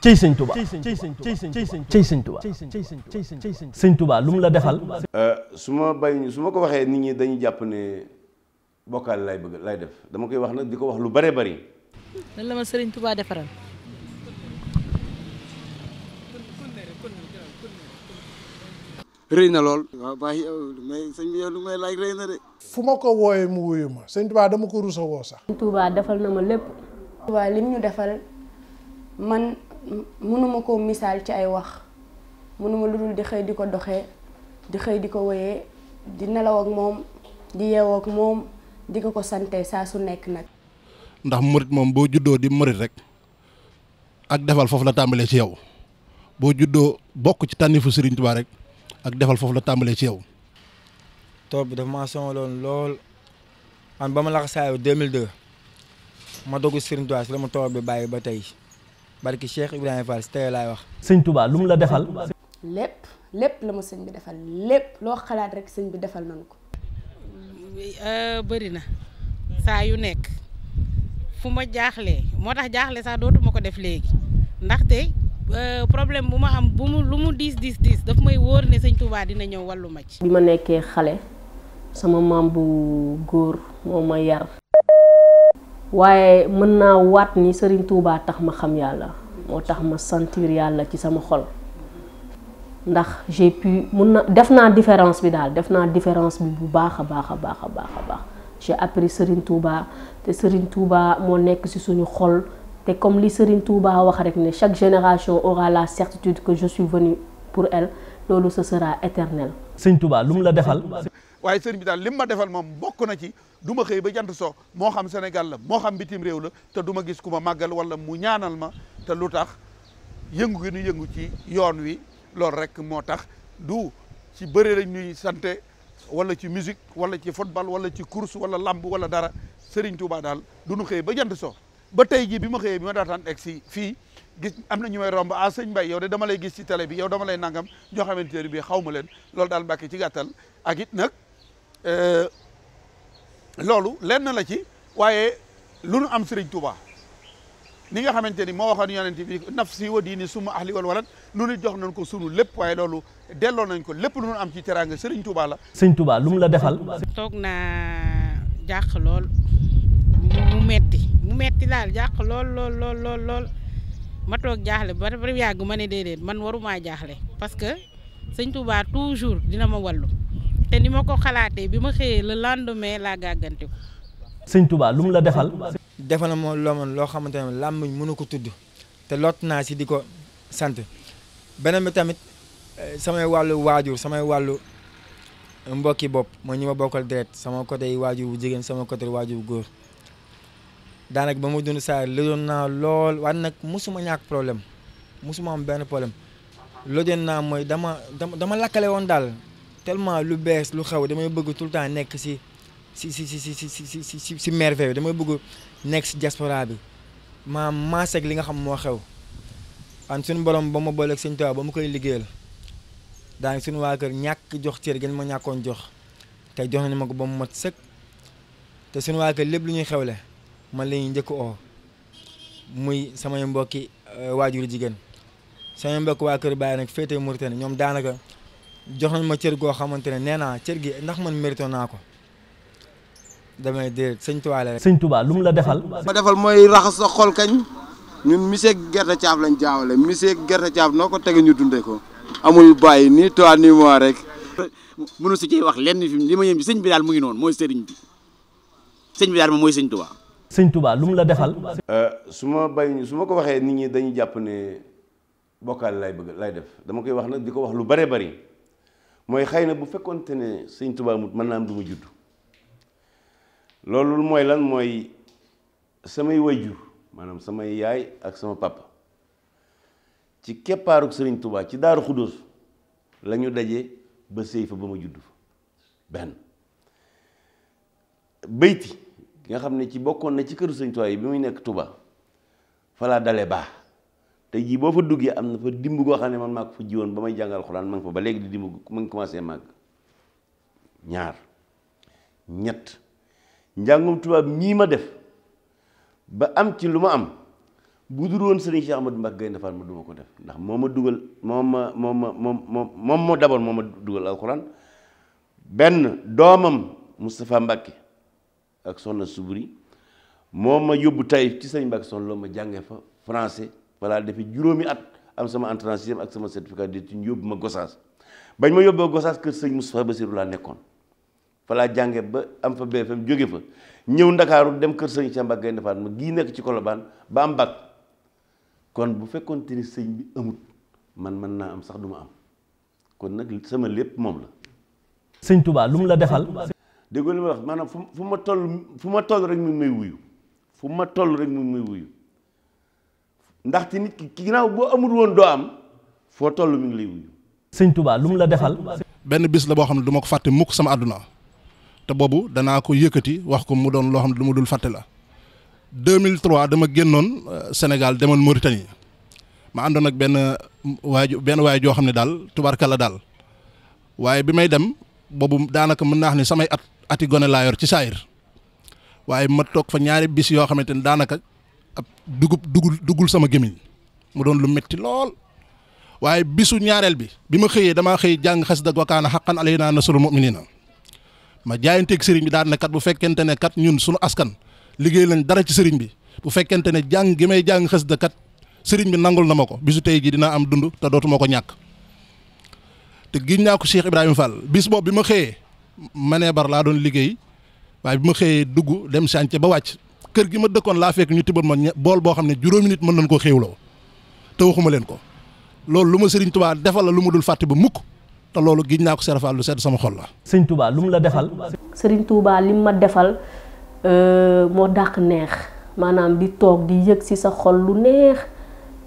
cey sëñ Touba cey sëñ Touba sëñ Touba lu mu la defal. su ma bay su ma ko waxee nit ñi dañu jàpp ne bokkaal lay bëgg lay def dama koy wax nag di ko wax lu bare bari. lan la ma sëriñ Touba defaral. rëy na lool. waaw sëñ lu may laaj rëy fu ma ko wooyee mu wuyu ma sëñ Touba dama ko rusa woo sax. sëñ Touba defal na ma lépp. Touba lim ñu defal man. mënuma koo misaal ci ay wax mënuma lu dul di xëy di ko doxee di xëy di ko woyee di nelaw ak moom di yeewoo ak moom di ko ko sante saa su nekk nag. ndax murit moom boo juddoo di murit rek ak defal foofu la tàmbalee ci yow boo juddoo bokk ci tànnifu Serigne Touba ak defal foofu la tàmbalee ci yow. tool bi dafa maa sonaloon lool man ba ma laxasaayu 2002 ma dugg Serigne Touba si la ma tool bi bàyyi ba tey. barki Cheikh Ibrahima Fall si tey laay wax. sëñ Touba lu mu la defal. lépp lépp la ma sëñ bi defal lépp loo xalaat rek sëñ bi defal nañu ko. Euh, bëri na saa yu nekk fu ma jaaxlee moo tax jaaxle sax dootuma ko def léegi ndaxte euh, problème bu ma am bu lu mu diis diis diis dafa may wóor ne sëñ Touba dina ñëw wàllu ma ci. bi ma nekkee xale sama maam bu góor moo ma yar. waaye mën naa waat ni Serigne Touba tax ma xam yàlla moo tax ma sentir yàlla ci sama xol ndax j'ai pu mun na def différence bi daal def différence bi bu baax a baax a baax j'ai appris Serigne Touba te Serigne Touba moo nekk ci suñu xol te comme li Serigne Touba wax rek ne chaque génération aura la certitude que je suis venu pour elle loolu ce sera éternel. Sëñ Touba lu mu la defal. waaye sëriñ bi daal lim ma defal moom bokk na ci duma xëy ba jant soo moo xam Sénégal la moo xam bitim réew la te duma gis ku ma màggal wala mu ñaanal ma te lu tax yëngu gi nu yëngu ci yoon wi loolu rek moo tax du ci bëre lañ ñuy sante wala ci musique wala ci football wala ci course wala lamb wala dara Serigne Touba daal du nu xëy ba jant so ba tey jii bi ma xëyee bi ma daataan egg si fii gis am na ñu may romb ah sëñ mbay yow de dama lay gis ci télé bi yow dama lay nangam ñoo xamante ne xaw ma leen loolu daal mbàkk ci gàttal ak it Euh, loolu lenn la ci waaye lu nu am Sëriñ Tuuba ni nga xamante ni moo waxoon yonent bi nafsi wa diini suma ahli wal nu ni jox nañ ko sunu lépp waaye loolu delloo nañ ko lépp lu nu am ci teraanga Sëriñ Tuuba la. Sëriñ Tuuba lu mu la defal. toog naa jàq lool mu metti mu metti daal jàq lool lool lool lool lool ma toog jaaxle ba yàgg ma ne déedéet man warumaa jaaxle parce que Sëriñ Tuuba toujours dina ma wallu. te ni ma ko xalaatee bi ma xëyee le lendemain laa gàggantiku. sëñ Touba lu mu la defal. defal ma loo loo xamante ne làmmiñ mënu ko tudd te lot naa si di ko sant beneen bi tamit eh, samay wàllu waajur samay wàllu mbokki bopp mooy ñi ma bokkal deret sama côté waajur bu jigéen sama côté waajur bu góor daanaka ba mu dund saa lëjoon naa lool waaye nag mësuma ñàkk problème mosuma am benn problème lëjoon naa mooy dama dama dama lakkale woon daal tellement lu bees lu xew damay bëgg tout nekk si si si si si si si si damay bëgg nekk si diaspora bi ma maaseeg li nga xam moo xew an suñu borom ba mu booleeg sëñ Tuubaa ba mu koy liggéeyal daanaka suñu waa kër ñàkk jox cër gën ma ñàkkoon jox te jox nañu ma ko ba mu mat sëkk te suñ waa kër lépp lu ñuy xew le man la ñuy njëkk oo muy samay mbokki waajur jigéen samay mbokk waa kër bàyyi nag féete Mauritanie ñoom daanaka. jox nañ ma cër goo xamante ne nee naa cër gi ndax man mérito naa ko damay dee sëñ Tuubaa la rek. sëñ Tuubaa lu mu la defal. ma defal mooy raxas sa kañ ñun miseeg gerte caaf lañ jaawale miseeg gerte caaf noo ko tege ñu dundee ko. amul bàyyi nii toi nii si cee wax lenn fi li ma yem sëñ bi daal mu ngi noonu mooy sëriñ bi sëñ bi daal moom mooy sëñ Tuubaa. sëñ tubaa lu mu la defal. Euh, su ma bay su ma ko waxee nit ñi dañuy jàpp ne bokkaal lay bëgg lay def dama koy wax nag di ko wax lu bare bari. mooy xëy na bu fekkonte ne sëñ Tuubaa mut mën naa am du ma judd loolu mooy lan mooy samay wayjur maanaam samay yaay ak sama papa ci keppaaruk sëriñ Tuubaa ci daaru xudóos la ñu daje ba sëy fa ba ma juddu fa benn bayti nga xam ne ci bokkoon na ci këru sëriñ Tuubaa yi bi muy nekk Tuubaa falaa dale baax te ji bo fa duggé am fa dimb go xamné man mako fa jiwon bamay jangal qur'an mang fa ba légui di dimb ma commencé mag ñaar ñet njàngum tuba mi ma def ba am ci luma am bu dul woon sëriñ Cheikh Ahmadou mbak Gaïndé Fatma ma duma ko def ndax moma duggal dugal moma mom mom ma moom moom moo d'abord moo ma dugal alxuraan benn Mbacke ak sonna Suburi moma ma tay ci serigne Mbacke son loo ma jàngee fa français voilà depuis juróomi at am sama entrée en sixième ak sama certificat d'études yóbbu ma Gossas bañ ma yóbboo Gossas kër sëñ mu Moustapha Bassirou laa nekkoon fa laa jànge ba am fa BFM jóge fa ñëw ndakaaru dem kër sëñ Samba Gaye Ndefaat ma gii nekk ci Colobane ba am bac kon bu fekkoon te ni sëñ bi amut man mën naa am sax duma am kon nag sama lépp moom la. sëñ Touba lu mu la defal. déggoo li ma wax maanaam fu ma toll fu ma toll rek mu may wuyu fu ma toll rek mu may wuyu. ndax ci nit ki ginnaaw boo amul woon doo am foo toll mi ngi lay wuyu. sëñ tubaal lu mu la defal. benn bis la boo xam ne duma ko fàtte mukk sama àdduna te boobu danaa ko yëkkati wax ko mu doon loo xam ne lu ma dul fàtte la. 2003 dama génnoon euh, Sénégal demoon Mauritanie ma àndoon ak benn euh, waay benn waay joo xam ne daal tubaarkalla daal waaye bi may dem boobu daanaka mën naa xam ne samay at ati gone laa ci saayir waaye ma toog fa ñaari bis yoo xamante ni daanaka ab dugub dugul dugul sama gémmiñ mu doon lu metti lool waaye bisu ñaareel bi bi ma xëyee damaa xëy jàng xasida wa kaana xaqan alaynaa nasrul na ma jaayanteeg sëriñ bi daan ne kat bu fekkente ne kat ñun suñu askan liggéey lañ dara ci sëriñ bi bu fekkente ne jàng gi may jàng xasida kat sëriñ bi nangul na ma ko bisu tey ji dinaa am dund te dootuma ko ñàkk te giñ naa ko Cheikh Ibrahima Fall bis boobu bi ma xëyee maneebar laa doon liggéey waaye bi ma xëyee dugg dem sànce ba wàcc kër gi ma dëkkoon laa fekk ñu tibal ma bool boo xam ne juróomi nit mën nañ koo xéewloo te waxuma leen ko loolu lu ma sëriñ Tuubaa defal la lu ma dul fàtte ba mukk te loolu giñ naa ko serafal lu sedd sama xol la. sëriñ Tuubaa lu mu la defal. sëriñ Tuubaa li ma defal euh, moo dàq neex maanaam di toog di yëg ci sa xol lu neex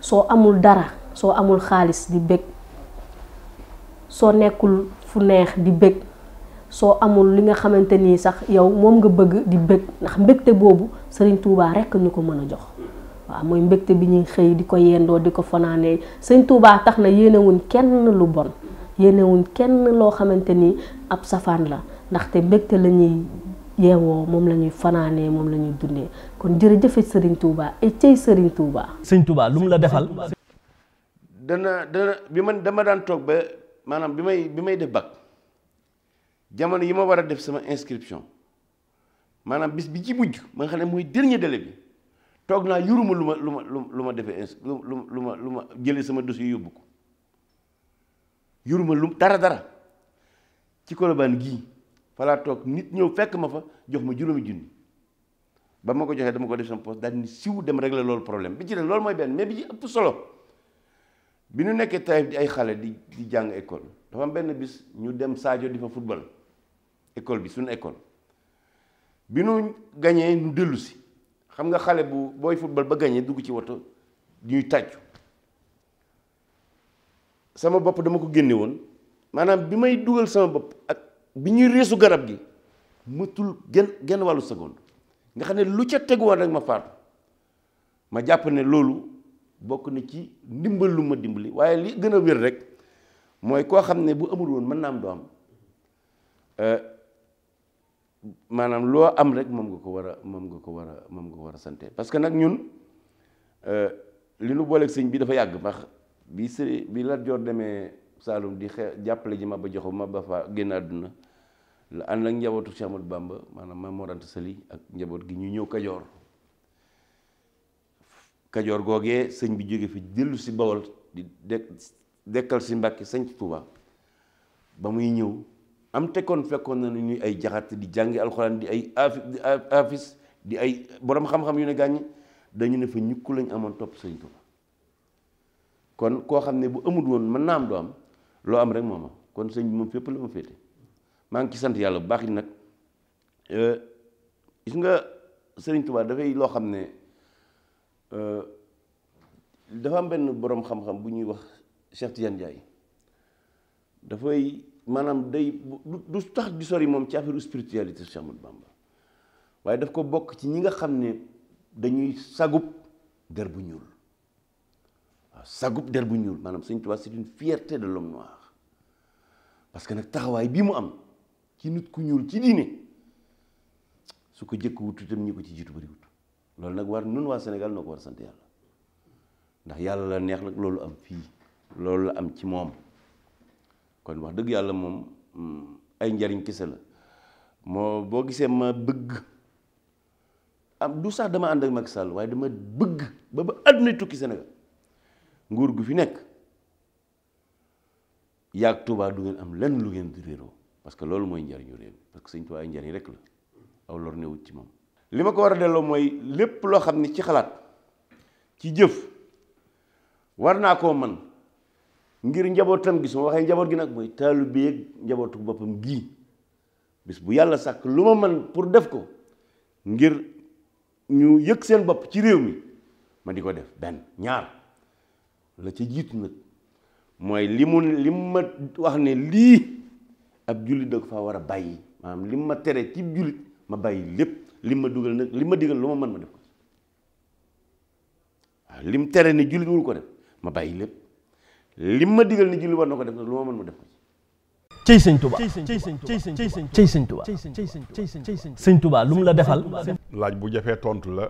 soo amul dara soo amul xaalis di bëgg soo nekkul fu neex di bëgg soo amul li nga xamante ni sax yow moom nga bëgg di bëgg ndax mbëgte boobu Serigne Touba rekk ñu ko mën a jox waaw mooy mbégte bi ñuy xëy di ko yendoo di ko fanaanee Serigne Touba tax na yéenewuñ kenn lu bon yéenewuñ kenn loo xamante ni ab safaan la ndaxte mbégte la ñuy moom lañuy fanaanee moom lañuy dundee kon jërëjëfe sëriñ tuubaa et cey Serigne Touba. Serigne Touba lu mu la defal. dana dana bi man dama daan toog ba maanaam bi may bi may def bac jamono yi ma war a def sama inscription maanaam bis bi ci mujj ma nga xam ne mooy dernier délai bi toog naa yuruma lu ma lu ma lu ma defee ins lu lu ma lu ma jëlee sama dossier yóbbu ko yuruma lu dara dara ci kolobaan gii falaa toog nit ñëw fekk ma fa jox ma juróomi junni ba ma ko joxee dama ko def sama poste daal ni siw dem régler loolu problème bi ci loolu mooy mais bi ci ëpp solo bi ñu nekkee tayif di ay xale di di jàng école dafa am benn bis ñu dem Sadio di fa football école bi suñu école bi nu gagné nu dellu si xam nga xalé bu boy football ba gagné dugg ci woto ñuy tàccu sama bop dama ko génne won manam bi may dugal sama bop ak bi ñuy gen garab gi mëtul gen gen walu seconde nga xane lu ca won rek ma faat ma japp ne lolu bokk na ci dimbal lu ma dimbali waye li gëna wër rek mooy koo xam ne bu amul woon mën naa am doo am euh, maanaam loo am rek moom nga ko war a moom nga ko war a moom ko war a sante parce que nag ñun euh, li nu booleeg sëñ bi dafa yàgg ndax bi sëri bi Lat Joor demee Saalum di xe jàppale ji ma ba Maba ma ba Fa génn àdduna la ànd ak njabootu Cheikh Ahmadou Bamba maanaam ma Mor Anta Sali ak njaboot gi ñu ñëw Kajoor Kajoor googee sëñ bi jóge fi dellu si Bawol di dekk dekkal si Mbàkke sañc Tuuba ba muy ñëw am te kon fekkoon na ñuy ay jaxat di jàngi alxuraan di ay afis di ay boroom xam-xam yu ne gàññi dañu ne fa ñukku lañ amoon topp sañ Tuuba kon koo xam ne bu amul woon mën naa am doo am loo am rek mooma kon sëñ bi moom fépp la ma féete maa ngi ci sant yàlla bu baax it nag euh, gis nga sëriñ Tuubaa dafay loo xam ne euh, dafa am benn boroom xam-xam bu ñuy wax Cheikh Tidiane da fay manam day du tax di sori mom ci affaire spiritualité Cheikh Ahmadou Bamba waye daf ko bok ci ñi nga xamne ne dañuy sagup der bu ñuul sagup der bu ñuul manam seigne touba c'est une fierté de l'homme noir parce que nak taxaway bi mu am ci nit ku ñuul ci diiné su ko jëkk wut itam ñi ko ci jitu bari wut loolu nak war nun wa Sénégal war sante yalla ndax yalla la neex nak loolu am fi loolu la am ci moom kon wax dëgg yàlla moom mm, ay njariñ kese la moo boo gisee ma bëgg am du sax dama ànd ak Macky Sall waaye dama bëgg ba ba àdduna tukki Sénégal nguur gu fi nekk yaag Touba du ngeen am lenn lu ngeen di réeroo parce que loolu mooy njariñu réew parce que sëñ Touba ay njariñ rek la aw lor newut ci moom li ma ko war a delloo mooy lépp loo xam ne ci xalaat ci jëf war naa koo man ngir njabotam gi su ma waxee gi nak moy talubi ak njabotu bopam gi bis bu yalla sak luma man pour def ko ngir ñu yek seen bop ci rew mi ma diko def ben ñaar la ci jiitu nak moy limu limma wax ne li ab julit da ko wara war a limma li tere ci julit ma bayyi lepp limma duggal dugal limma diggal luma man ma def ko lim tere ne julit wul ko def ma bayyi lepp lim ma digal ni julli war na ko def nag lu ma mën mu def ko ci cëy sëñ Touba cëy sëñ Touba sëñ Touba lu mu la defal laaj bu jafee tontu la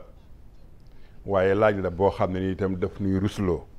waaye laaj la boo xam ne ni itam def nuy rusloo